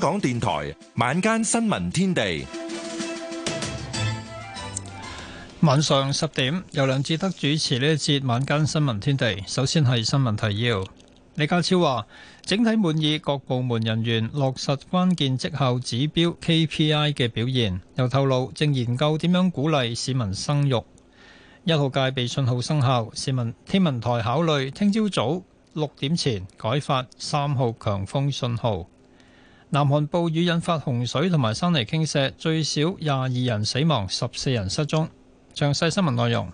香港電台晚間新聞天地，晚上十點由梁志德主持呢一節晚間新聞天地。首先係新聞提要，李家超話整體滿意各部門人員落實關鍵績效指標 KPI 嘅表現，又透露正研究點樣鼓勵市民生育。一號戒備信號生效，市民天文台考慮聽朝早六點前改發三號強風信號。南韓暴雨引發洪水同埋山泥傾瀉，最少廿二人死亡，十四人失蹤。詳細新聞內容，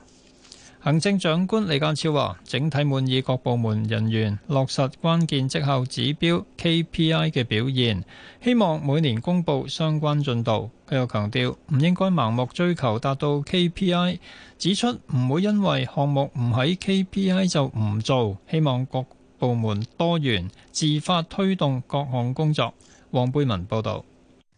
行政長官李家超話，整體滿意各部門人員落實關鍵績效指標 KPI 嘅表現，希望每年公佈相關進度。佢又強調唔應該盲目追求達到 KPI，指出唔會因為項目唔喺 KPI 就唔做。希望各部門多元，自發推動各項工作。黃貝文報道，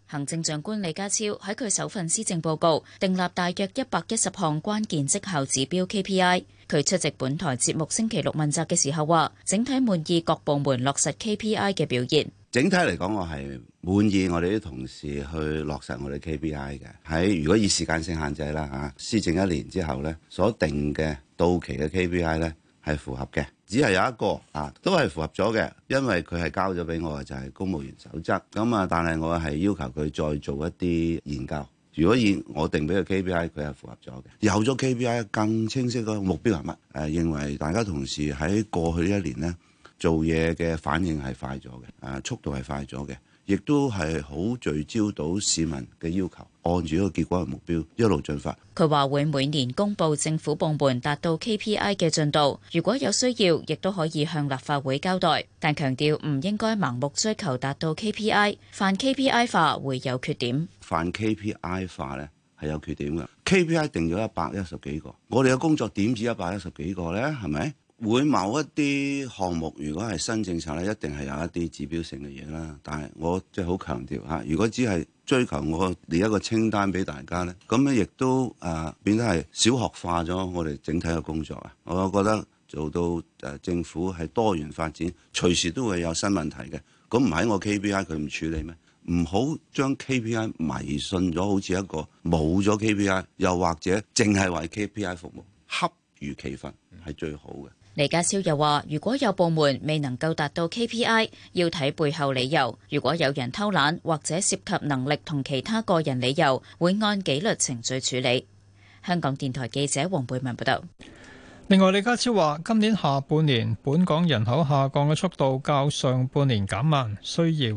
行政長官李家超喺佢首份施政報告訂立大約一百一十項關鍵績效指標 KPI。佢出席本台節目星期六問責嘅時候話，整體滿意各部門落實 KPI 嘅表現。整體嚟講，我係滿意我哋啲同事去落實我哋 KPI 嘅。喺如果以時間性限制啦，吓、啊，施政一年之後呢，所定嘅到期嘅 KPI 呢，係符合嘅。只係有一個啊，都係符合咗嘅，因為佢係交咗俾我嘅就係、是、公務員守則咁啊，但係我係要求佢再做一啲研究。如果現我定俾佢 KPI，佢係符合咗嘅。有咗 KPI 更清晰個目標係乜？誒、啊，認為大家同事喺過去呢一年呢，做嘢嘅反應係快咗嘅，誒、啊，速度係快咗嘅。亦都係好聚焦到市民嘅要求，按住一個結果嘅目標一路進發。佢話會每年公布政府部門達到 KPI 嘅進度，如果有需要，亦都可以向立法會交代。但強調唔應該盲目追求達到 KPI，泛 KPI 化會有缺點。泛 KPI 化咧係有缺點嘅，KPI 定咗一百一十幾個，我哋嘅工作點止一百一十幾個咧，係咪？會某一啲項目，如果係新政策咧，一定係有一啲指標性嘅嘢啦。但係我即係好強調吓，如果只係追求我列一個清單俾大家咧，咁樣亦都啊、呃、變得係小學化咗我哋整體嘅工作啊！我覺得做到誒、呃、政府係多元發展，隨時都會有新問題嘅。咁唔係我 KPI 佢唔處理咩？唔好將 KPI 迷信咗，好似一個冇咗 KPI，又或者淨係為 KPI 服務，恰如其分係最好嘅。李家超又話：如果有部門未能夠達到 KPI，要睇背後理由。如果有人偷懶或者涉及能力同其他個人理由，會按紀律程序處理。香港電台記者黃貝文報道。另外，李家超話：今年下半年本港人口下降嘅速度較上半年減慢，需要。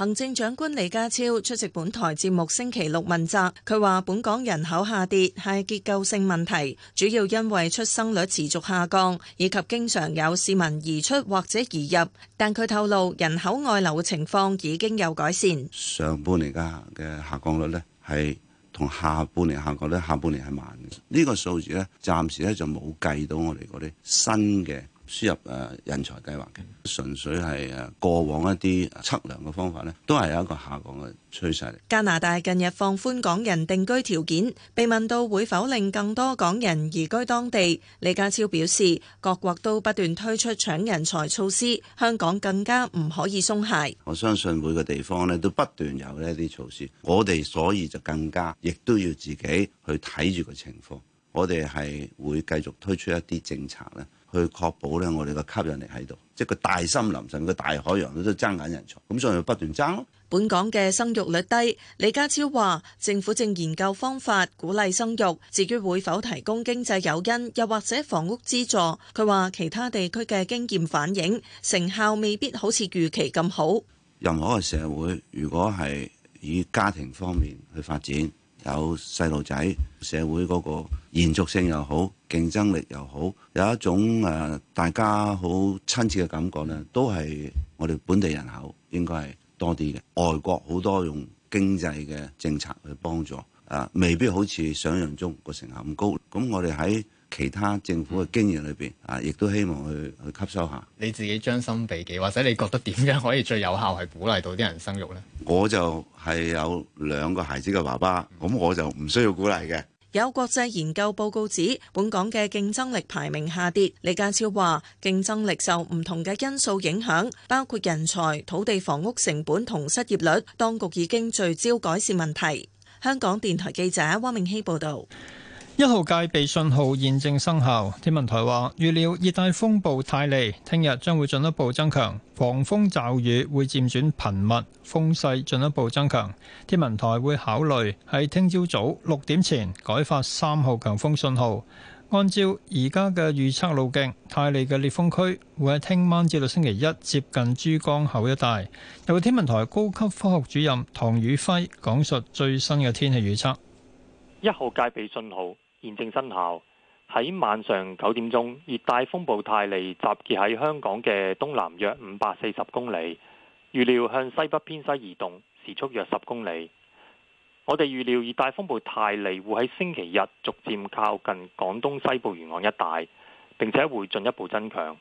行政長官李家超出席本台節目星期六問責，佢話本港人口下跌係結構性問題，主要因為出生率持續下降，以及經常有市民移出或者移入。但佢透露人口外流嘅情況已經有改善。上半年嘅嘅下降率呢，係同下半年下降率咧，下半年係慢嘅。呢、這個數字呢，暫時咧就冇計到我哋嗰啲新嘅。輸入誒人才計劃嘅，純粹係誒過往一啲測量嘅方法咧，都係有一個下降嘅趨勢。加拿大近日放寬港人定居條件，被問到會否令更多港人移居當地，李家超表示：各國都不斷推出搶人才措施，香港更加唔可以鬆懈。我相信每個地方咧都不斷有呢一啲措施，我哋所以就更加亦都要自己去睇住個情況，我哋係會繼續推出一啲政策咧，去確保咧，我哋嘅吸引力喺度，即係個大森林、上個大海洋都爭緊人才，咁所以就不斷爭咯。本港嘅生育率低，李家超話政府正研究方法鼓勵生育，至於會否提供經濟誘因，又或者房屋資助，佢話其他地區嘅經驗反映成效未必好似預期咁好。任何嘅社會，如果係以家庭方面去發展。有細路仔，社會嗰個延續性又好，競爭力又好，有一種誒、呃、大家好親切嘅感覺，呢都係我哋本地人口應該係多啲嘅。外國好多用經濟嘅政策去幫助，誒、呃、未必好似想象中個成效咁高。咁、嗯、我哋喺其他政府嘅經驗裏邊啊，亦都希望去去吸收下。你自己將心比己，或者你覺得點樣可以最有效係鼓勵到啲人生育咧？我就係有兩個孩子嘅爸爸，咁我就唔需要鼓勵嘅。有國際研究報告指，本港嘅競爭力排名下跌。李家超話，競爭力受唔同嘅因素影響，包括人才、土地、房屋成本同失業率。當局已經聚焦改善問題。香港電台記者汪明希報道。一號戒備信號現正生效，天文台話預料熱帶風暴泰利聽日將會進一步增強，狂風驟雨會漸轉頻密，風勢進一步增強。天文台會考慮喺聽朝早六點前改發三號強風信號。按照而家嘅預測路徑，泰利嘅烈風區會喺聽晚至到星期一接近珠江口一帶。由天文台高級科學主任唐宇輝講述最新嘅天氣預測。一號戒備信號現正生效。喺晚上九點鐘，熱帶風暴泰利集結喺香港嘅東南約五百四十公里，預料向西北偏西移動，時速約十公里。我哋預料熱帶風暴泰利會喺星期日逐漸靠近廣東西部沿岸一帶，並且會進一步增強。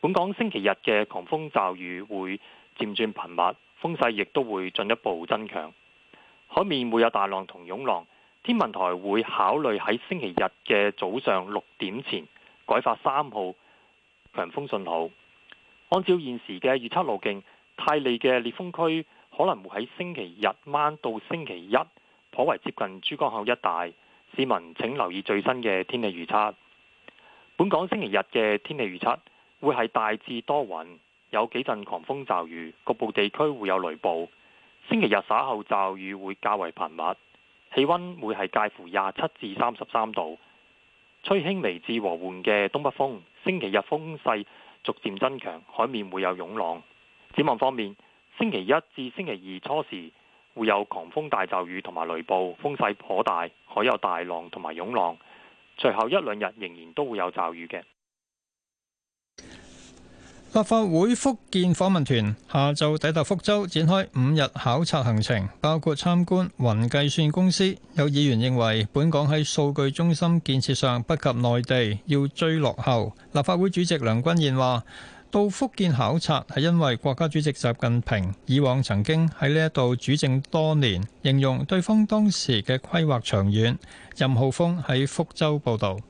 本港星期日嘅狂風驟雨會漸轉頻密，風勢亦都會進一步增強。海面會有大浪同湧浪。天文台會考慮喺星期日嘅早上六點前改發三號強風信號。按照現時嘅預測路徑，泰利嘅烈風區可能會喺星期日晚到星期一，頗為接近珠江口一帶。市民請留意最新嘅天氣預測。本港星期日嘅天氣預測會係大致多雲，有幾陣狂風驟雨，局部地區會有雷暴。星期日稍後驟雨會較為頻密。氣温會係介乎廿七至三十三度，吹輕微至和緩嘅東北風。星期日風勢逐漸增強，海面會有湧浪。展望方面，星期一至星期二初時會有狂風大驟雨同埋雷暴，風勢頗大，海有大浪同埋湧浪。隨後一兩日仍然都會有驟雨嘅。立法會福建訪問團下晝抵達福州展開五日考察行程，包括參觀雲計算公司。有議員認為本港喺數據中心建設上不及內地，要追落後。立法會主席梁君彥話，到福建考察係因為國家主席習近平以往曾經喺呢度主政多年，形容對方當時嘅規劃長遠。任浩峰喺福州報道。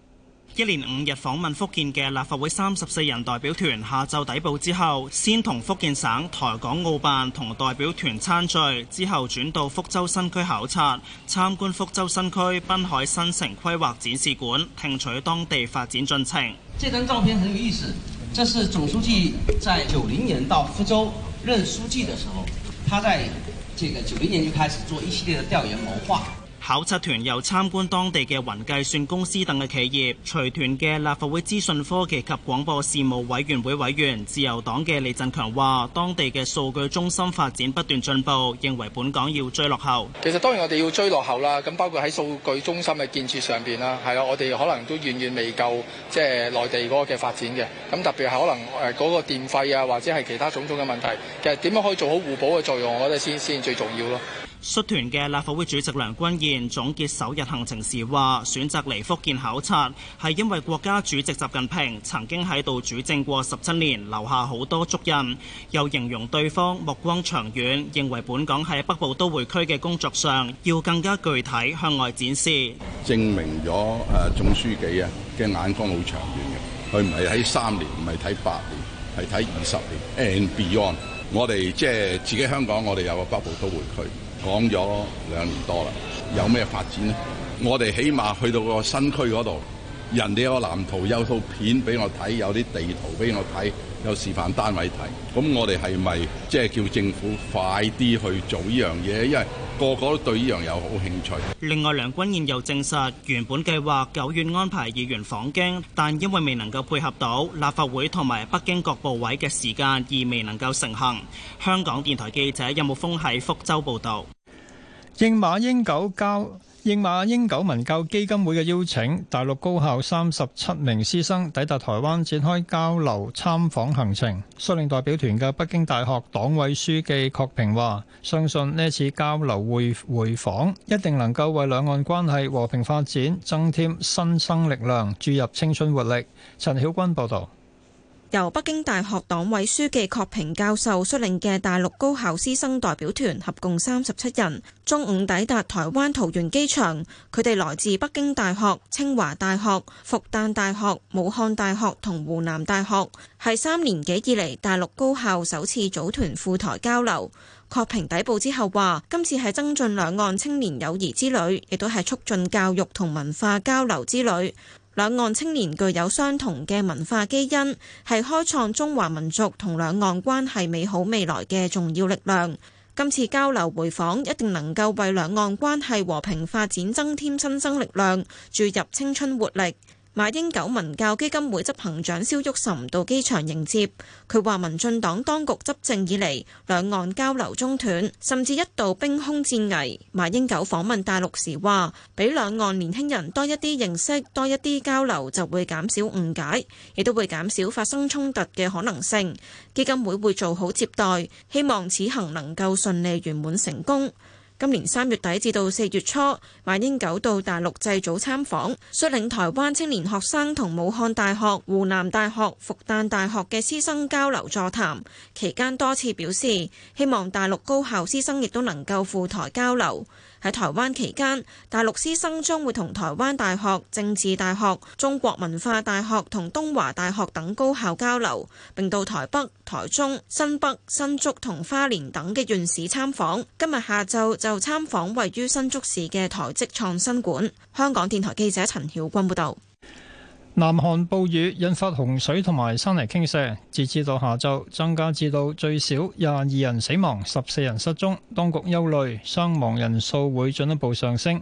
一連五日訪問福建嘅立法會三十四人代表團下晝抵埗之後，先同福建省台港澳辦同代表團餐聚，之後轉到福州新區考察，參觀福州新區濱海新城規劃展示館，聽取當地發展進程。這張照片很有意思，這是總書記在九零年到福州任書記的時候，他喺這個九零年就開始做一系列嘅調研謀劃。考察團又參觀當地嘅雲計算公司等嘅企業，隨團嘅立法會資訊科技及廣播事務委員會委員自由黨嘅李振強話，當地嘅數據中心發展不斷進步，認為本港要追落後。其實當然我哋要追落後啦，咁包括喺數據中心嘅建設上邊啦，係咯，我哋可能都遠遠未夠，即係內地嗰個嘅發展嘅。咁特別係可能誒嗰個電費啊，或者係其他種種嘅問題，其實點樣可以做好互補嘅作用，我覺得先先最重要咯。率團嘅立法會主席梁君彥總結首日行程時話：選擇嚟福建考察係因為國家主席習近平曾經喺度主政過十七年，留下好多足印。又形容對方目光長遠，認為本港喺北部都會區嘅工作上要更加具體向外展示，證明咗誒總書記啊嘅眼光好長遠嘅。佢唔係喺三年，唔係睇八年，係睇二十年 and beyond 我。我哋即係自己香港，我哋有個北部都會區。講咗兩年多啦，有咩發展咧？我哋起碼去到個新區嗰度，人哋有個藍圖，有套片俾我睇，有啲地圖俾我睇，有示範單位睇。咁我哋係咪即係叫政府快啲去做呢樣嘢？因為個個都對呢樣有好興趣。另外，梁君彥又證實，原本計劃九月安排議員訪京，但因為未能夠配合到立法會同埋北京各部委嘅時間，而未能夠成行。香港電台記者任木峰喺福州報導。應馬英九交應馬英九文教基金會嘅邀請，大陸高校三十七名師生抵達臺灣展開交流參訪行程。率領代表團嘅北京大學黨委書記郝平話：相信呢次交流會回訪一定能夠為兩岸關係和平發展增添新生力量，注入青春活力。陳曉君報道。由北京大學黨委書記確平教授率領嘅大陸高校師生代表團合共三十七人，中午抵達台灣桃園機場，佢哋來自北京大學、清華大學、復旦大學、武漢大學同湖南大學，係三年幾以嚟大陸高校首次組團赴台交流。確平抵埗之後話，今次係增進兩岸青年友誼之旅，亦都係促進教育同文化交流之旅。兩岸青年具有相同嘅文化基因，係開創中華民族同兩岸關係美好未來嘅重要力量。今次交流回訪一定能夠為兩岸關係和平發展增添新生力量，注入青春活力。馬英九文教基金會執行長蕭旭岑到機場迎接，佢話民進黨當局執政以嚟，兩岸交流中斷，甚至一度兵凶戰危。馬英九訪問大陸時話，俾兩岸年輕人多一啲認識，多一啲交流，就會減少誤解，亦都會減少發生衝突嘅可能性。基金會會做好接待，希望此行能夠順利圓滿成功。今年三月底至到四月初，馬英九到大陸祭祖參訪，率領台灣青年學生同武漢大學、湖南大學、復旦大學嘅師生交流座談，期間多次表示希望大陸高校師生亦都能夠赴台交流。喺台灣期間，大陸師生將會同台灣大學、政治大學、中國文化大學同東華大學等高校交流，並到台北、台中、新北、新竹同花蓮等嘅縣市參訪。今日下晝就參訪位於新竹市嘅台積創新館。香港電台記者陳曉君報導。南韓暴雨引發洪水同埋山泥傾瀉，截至到下晝增加至到最少廿二人死亡、十四人失蹤，當局憂慮傷亡人數會進一步上升。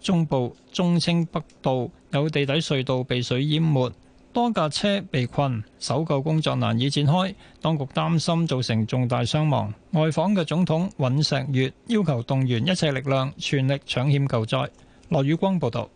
中部忠清北道有地底隧道被水淹沒，多架車被困，搜救工作難以展開，當局擔心造成重大傷亡。外訪嘅總統尹錫悅要求動員一切力量，全力搶險救災。羅宇光報道。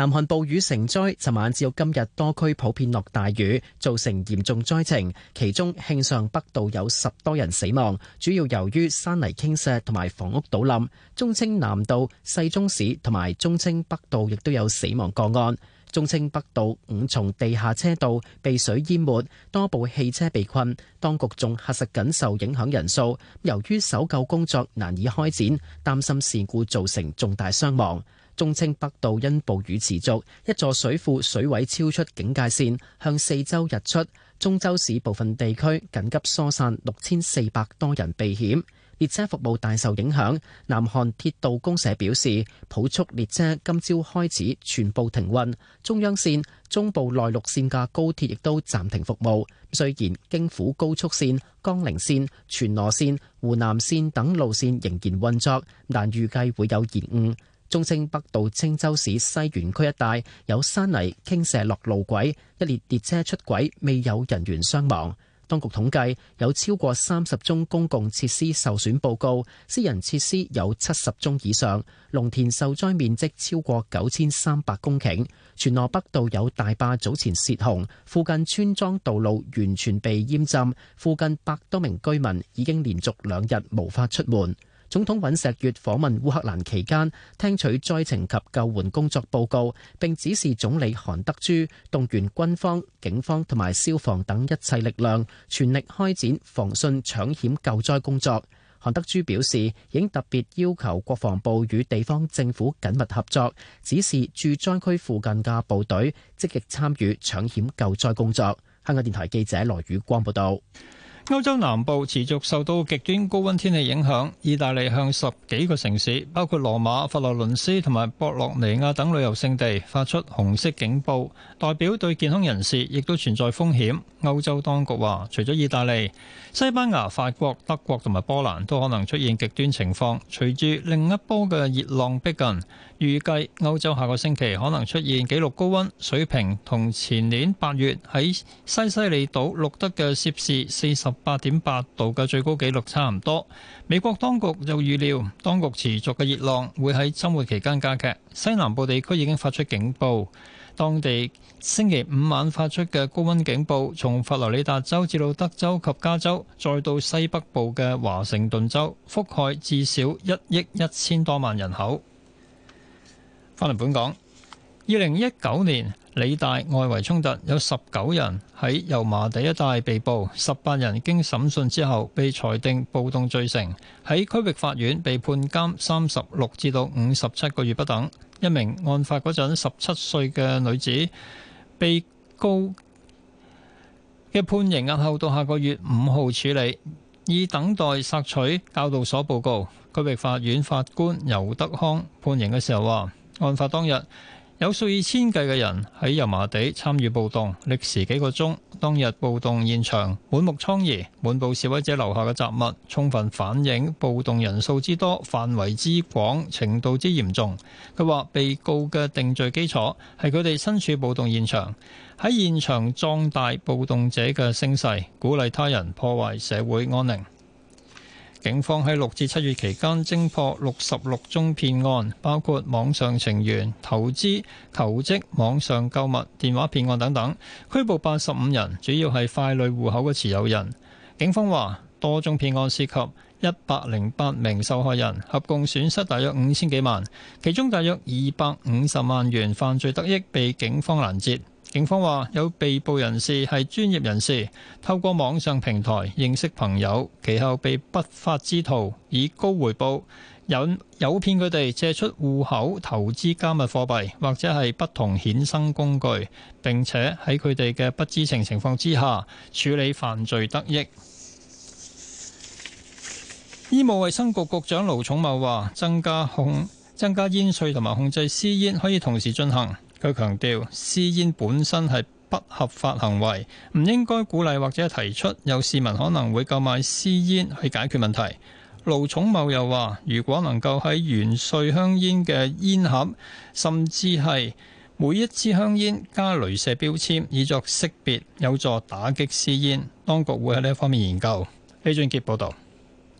南韓暴雨成災，尋晚至今日多區普遍落大雨，造成嚴重災情。其中慶尚北道有十多人死亡，主要由於山泥傾瀉同埋房屋倒冧。忠清南道、世宗市同埋忠清北道亦都有死亡個案。忠清北道五重地下車道被水淹沒，多部汽車被困。當局仲核實緊受影響人數，由於搜救工作難以開展，擔心事故造成重大傷亡。中青北道因暴雨持續，一座水庫水位超出警戒線，向四周溢出。中州市部分地區緊急疏散六千四百多人避險，列車服務大受影響。南韓鐵道公社表示，普速列車今朝開始全部停運，中央線、中部內陸線嘅高鐵亦都暫停服務。雖然京釜高速線、江陵線、全羅線、湖南線等路線仍然運作，但預計會有延誤。忠清北道清州市西原區一帶有山泥傾瀉落路軌，一列列車出軌，未有人員傷亡。當局統計有超過三十宗公共設施受損報告，私人設施有七十宗以上。農田受災面積超過九千三百公頃。全羅北道有大壩早前泄洪，附近村莊道路完全被淹浸，附近百多名居民已經連續兩日無法出門。總統尹錫悅訪問烏克蘭期間，聽取災情及救援工作報告，並指示總理韓德洙動員軍方、警方同埋消防等一切力量，全力開展防汛搶險救災工作。韓德洙表示，已經特別要求國防部與地方政府緊密合作，指示駐災區附近嘅部隊積極參與搶險救災工作。香港電台記者羅宇光報道。歐洲南部持續受到極端高温天氣影響，意大利向十幾個城市，包括羅馬、佛羅倫斯同埋博洛尼亞等旅遊勝地發出紅色警報，代表對健康人士亦都存在風險。歐洲當局話，除咗意大利、西班牙、法國、德國同埋波蘭都可能出現極端情況，隨住另一波嘅熱浪逼近。預計歐洲下個星期可能出現紀錄高温水平，同前年八月喺西西里島錄得嘅攝氏四十八點八度嘅最高紀錄差唔多。美國當局又預料當局持續嘅熱浪會喺周末期間加劇。西南部地區已經發出警報，當地星期五晚發出嘅高温警報，從佛羅里達州至到德州及加州，再到西北部嘅華盛頓州，覆蓋至少一億一千多萬人口。翻嚟本港，二零一九年理大外圍衝突有十九人喺油麻地一帶被捕，十八人經審訊之後被裁定暴動罪成，喺區域法院被判監三十六至到五十七個月不等。一名案發嗰陣十七歲嘅女子被告嘅判刑押後到下個月五號處理，以等待索取教導所報告。區域法院法官尤德康判刑嘅時候話。案發當日，有數以千計嘅人喺油麻地參與暴動，歷時幾個鐘。當日暴動現場滿目瘡痍，滿布示威者留下嘅雜物，充分反映暴動人數之多、範圍之廣、程度之嚴重。佢話被告嘅定罪基礎係佢哋身處暴動現場，喺現場壯大暴動者嘅聲勢，鼓勵他人破壞社會安寧。警方喺六至七月期間偵破六十六宗騙案，包括網上情緣、投資、求職、網上購物、電話騙案等等，拘捕八十五人，主要係傀儡戶口嘅持有人。警方話，多宗騙案涉及一百零八名受害人，合共損失大約五千幾萬，其中大約二百五十萬元犯罪得益被警方攔截。警方話：有被捕人士係專業人士，透過網上平台認識朋友，其後被不法之徒以高回報引誘騙佢哋借出戶口投資加密貨幣或者係不同衍生工具，並且喺佢哋嘅不知情情況之下處理犯罪得益。醫務衛生局局長盧寵茂話：增加控增加煙稅同埋控制私煙可以同時進行。佢強調，私煙本身係不合法行為，唔應該鼓勵或者提出。有市民可能會購買私煙去解決問題。盧寵茂又話，如果能夠喺完稅香煙嘅煙盒，甚至係每一支香煙加雷射標籤，以作識別，有助打擊私煙，當局會喺呢一方面研究。李俊傑報導。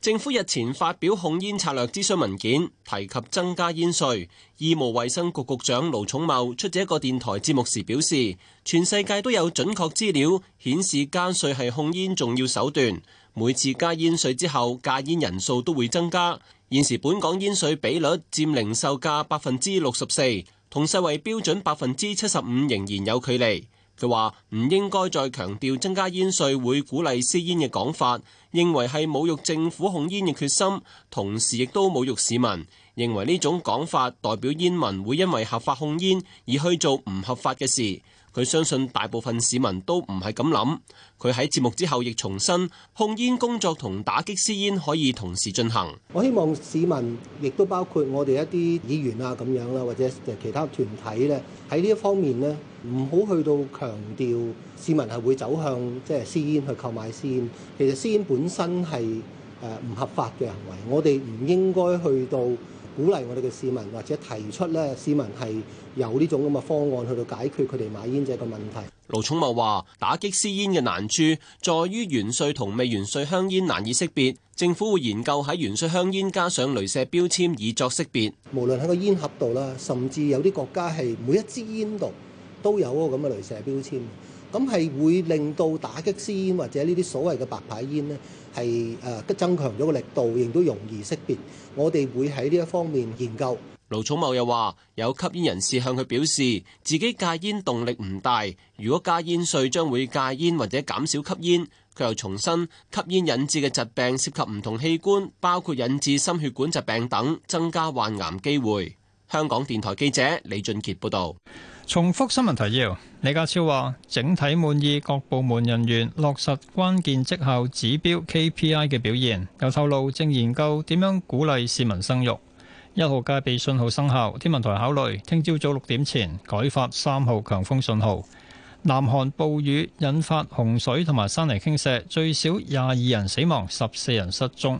政府日前發表控煙策略諮詢文件，提及增加煙稅。醫務衛生局局長盧寵茂出席一個電台節目時表示，全世界都有準確資料顯示加稅係控煙重要手段。每次加煙稅之後，戒煙人數都會增加。現時本港煙稅比率佔零售價百分之六十四，同世衞標準百分之七十五仍然有距離。佢話唔應該再強調增加煙稅會鼓勵私煙嘅講法。認為係侮辱政府控煙嘅決心，同時亦都侮辱市民。認為呢種講法代表煙民會因為合法控煙而去做唔合法嘅事。佢相信大部分市民都唔係咁諗，佢喺節目之後亦重申控煙工作同打擊私煙可以同時進行。我希望市民亦都包括我哋一啲議員啊咁樣啦，或者誒其他團體咧，喺呢一方面咧，唔好去到強調市民係會走向即係私煙去購買私煙，其實私煙本身係誒唔合法嘅行為，我哋唔應該去到。鼓勵我哋嘅市民或者提出咧，市民係有呢種咁嘅方案去到解決佢哋買煙者嘅問題。盧寵茂話：打擊私煙嘅難處，在於完稅同未完稅香煙難以識別，政府會研究喺完稅香煙加上鐳射標籤以作識別。無論喺個煙盒度啦，甚至有啲國家係每一支煙度都有嗰個咁嘅鐳射標籤。咁係會令到打擊私煙或者呢啲所謂嘅白牌煙咧，係誒增強咗個力度，亦都容易識別。我哋會喺呢一方面研究。盧楚茂又話：有吸煙人士向佢表示，自己戒煙動力唔大，如果戒煙稅將會戒煙或者減少吸煙。佢又重申，吸煙引致嘅疾病涉及唔同器官，包括引致心血管疾病等，增加患癌機會。香港電台記者李俊傑報導。重複新聞提要：李家超話整體滿意各部門人員落實關鍵績效指標 KPI 嘅表現。又透露正研究點樣鼓勵市民生育。一號戒備信號生效，天文台考慮聽朝早六點前改發三號強風信號。南韓暴雨引發洪水同埋山泥傾瀉，最少廿二人死亡，十四人失蹤。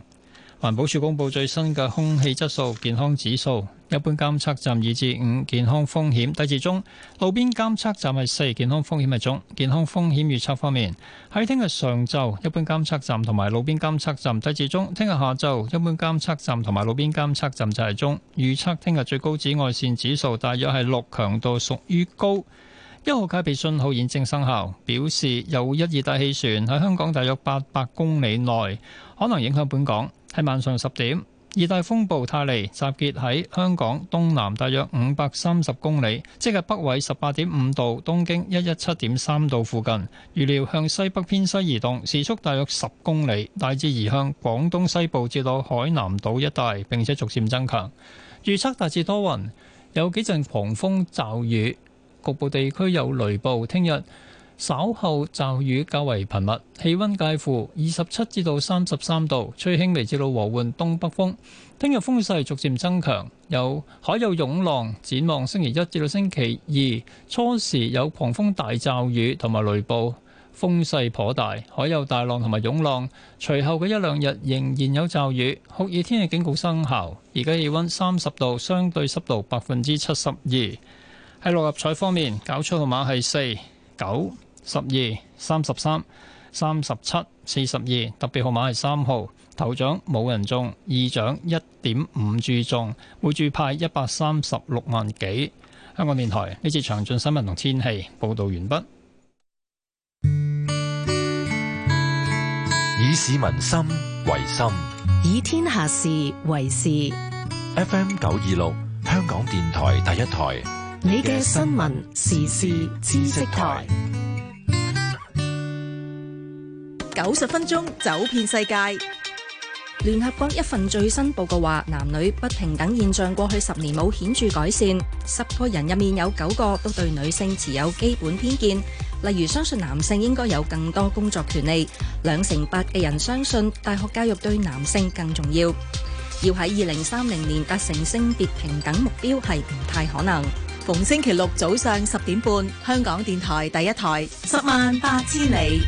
環保署公布最新嘅空氣質素健康指數。一般監測站二至五健康風險，低至中；路邊監測站係四，健康風險係中。健康風險預測方面，喺聽日上晝，一般監測站同埋路邊監測站低至中；聽日下晝，一般監測站同埋路邊監測站就係中。預測聽日最高紫外線指數大約係六，強度屬於高。一號戒備信號現正生效，表示有一熱帶氣旋喺香港大約八百公里內可能影響本港，喺晚上十點。熱帶風暴泰利，集結喺香港東南大約五百三十公里，即係北緯十八點五度、東經一一七點三度附近。預料向西北偏西移動，時速大約十公里，大致移向廣東西部至到海南島一帶，並且逐漸增強。預測大致多雲，有幾陣狂風驟雨，局部地區有雷暴。聽日稍後驟雨較為頻密，氣温介乎二十七至到三十三度，吹輕微至到和緩東北風。聽日風勢逐漸增強，有海有湧浪。展望星期一至到星期二初時有狂風大驟雨同埋雷暴，風勢頗大，海有大浪同埋湧浪。隨後嘅一兩日仍然有驟雨，酷熱天氣警告生效。而家氣温三十度，相對濕度百分之七十二。喺六合彩方面，搞出號碼係四九。十二、三十三、三十七、四十二，特別號碼係三號。頭獎冇人中，二獎一點五注中，每注派一百三十六萬幾。香港電台呢次詳盡新聞同天氣報道完畢。以市民心為心，以天下事為事。FM 九二六，香港電台第一台。你嘅新聞時事知識台。九十分鐘走遍世界。聯合國一份最新報告話，男女不平等現象過去十年冇顯著改善。十個人入面有九個都對女性持有基本偏見，例如相信男性應該有更多工作權利。兩成八嘅人相信大學教育對男性更重要。要喺二零三零年達成性別平等目標係唔太可能。逢星期六早上十點半，香港電台第一台，十萬八千里。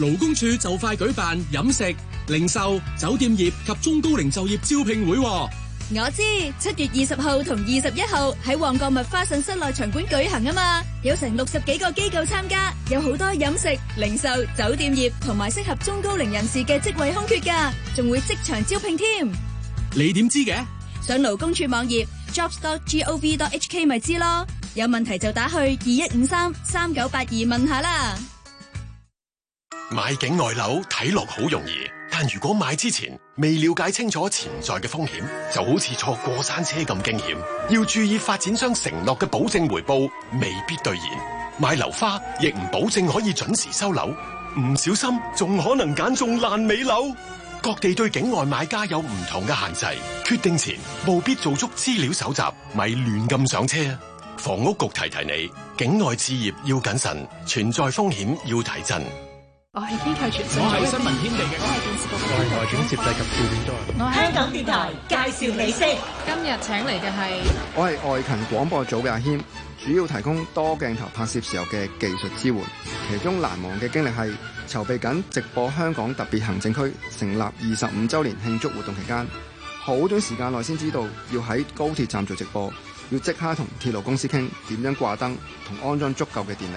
勞工處就快舉辦飲食、零售、酒店業及中高齡就業招聘會，我知七月二十號同二十一號喺旺角麥花臣室內場館舉行啊嘛，有成六十幾個機構參加，有好多飲食、零售、酒店業同埋適合中高齡人士嘅職位空缺噶，仲會即場招聘添。你點知嘅？上勞工處網頁 jobs.gov.hk 咪知咯，有問題就打去二一五三三九八二問下啦。買境外樓睇落好容易，但如果買之前未了解清楚潛在嘅風險，就好似坐過山車咁驚險。要注意發展商承諾嘅保證回報未必兌現，買樓花亦唔保證可以準時收樓，唔小心仲可能揀中爛尾樓。各地對境外買家有唔同嘅限制，決定前務必做足資料搜集，咪亂咁上車。房屋局提，提提你，境外置業要謹慎，存在風險要提真。我係天台全，我係新聞天地嘅，我係電視部嘅台總攝製及導演，我係香港電台介紹美先。今日請嚟嘅係，我係外勤廣播組嘅阿謙，主要提供多鏡頭拍攝時候嘅技術支援。其中難忘嘅經歷係籌備緊直播香港特別行政區成立二十五周年慶祝活動期間，好短時間內先知道要喺高鐵站做直播，要即刻同鐵路公司傾點樣掛燈同安裝足夠嘅電力。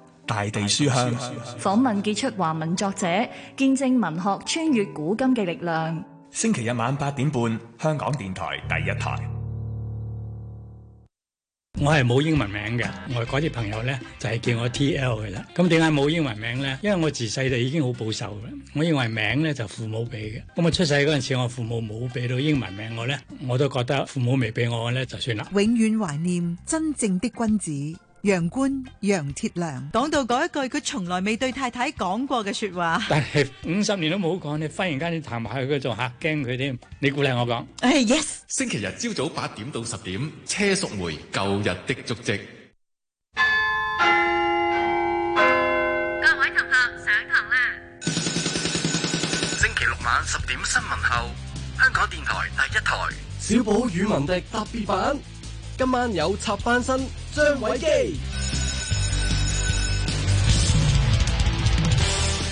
大地書香訪問傑出華文作者見證文學穿越古今嘅力量。星期日晚八點半，香港電台第一台。我係冇英文名嘅，外國啲朋友呢，就係叫我 T L 嘅啦。咁點解冇英文名呢？因為我自細就已經好保守嘅。我認為名呢就父母俾嘅。咁我出世嗰陣時，我父母冇俾到英文名我呢，我都覺得父母未俾我呢，就算啦。永遠懷念真正的君子。楊官、楊鐵良，講到嗰一句佢從來未對太太講過嘅說話，但係五十年都冇講，你忽然間你談埋去佢做吓，驚佢添。你鼓勵我講，哎 yes。星期日朝早八點到十點，車淑梅《舊日的足迹》。各位同學上堂啦。星期六晚十點新聞後，香港電台第一台小寶語文的特別版。今晚有插班生張偉基。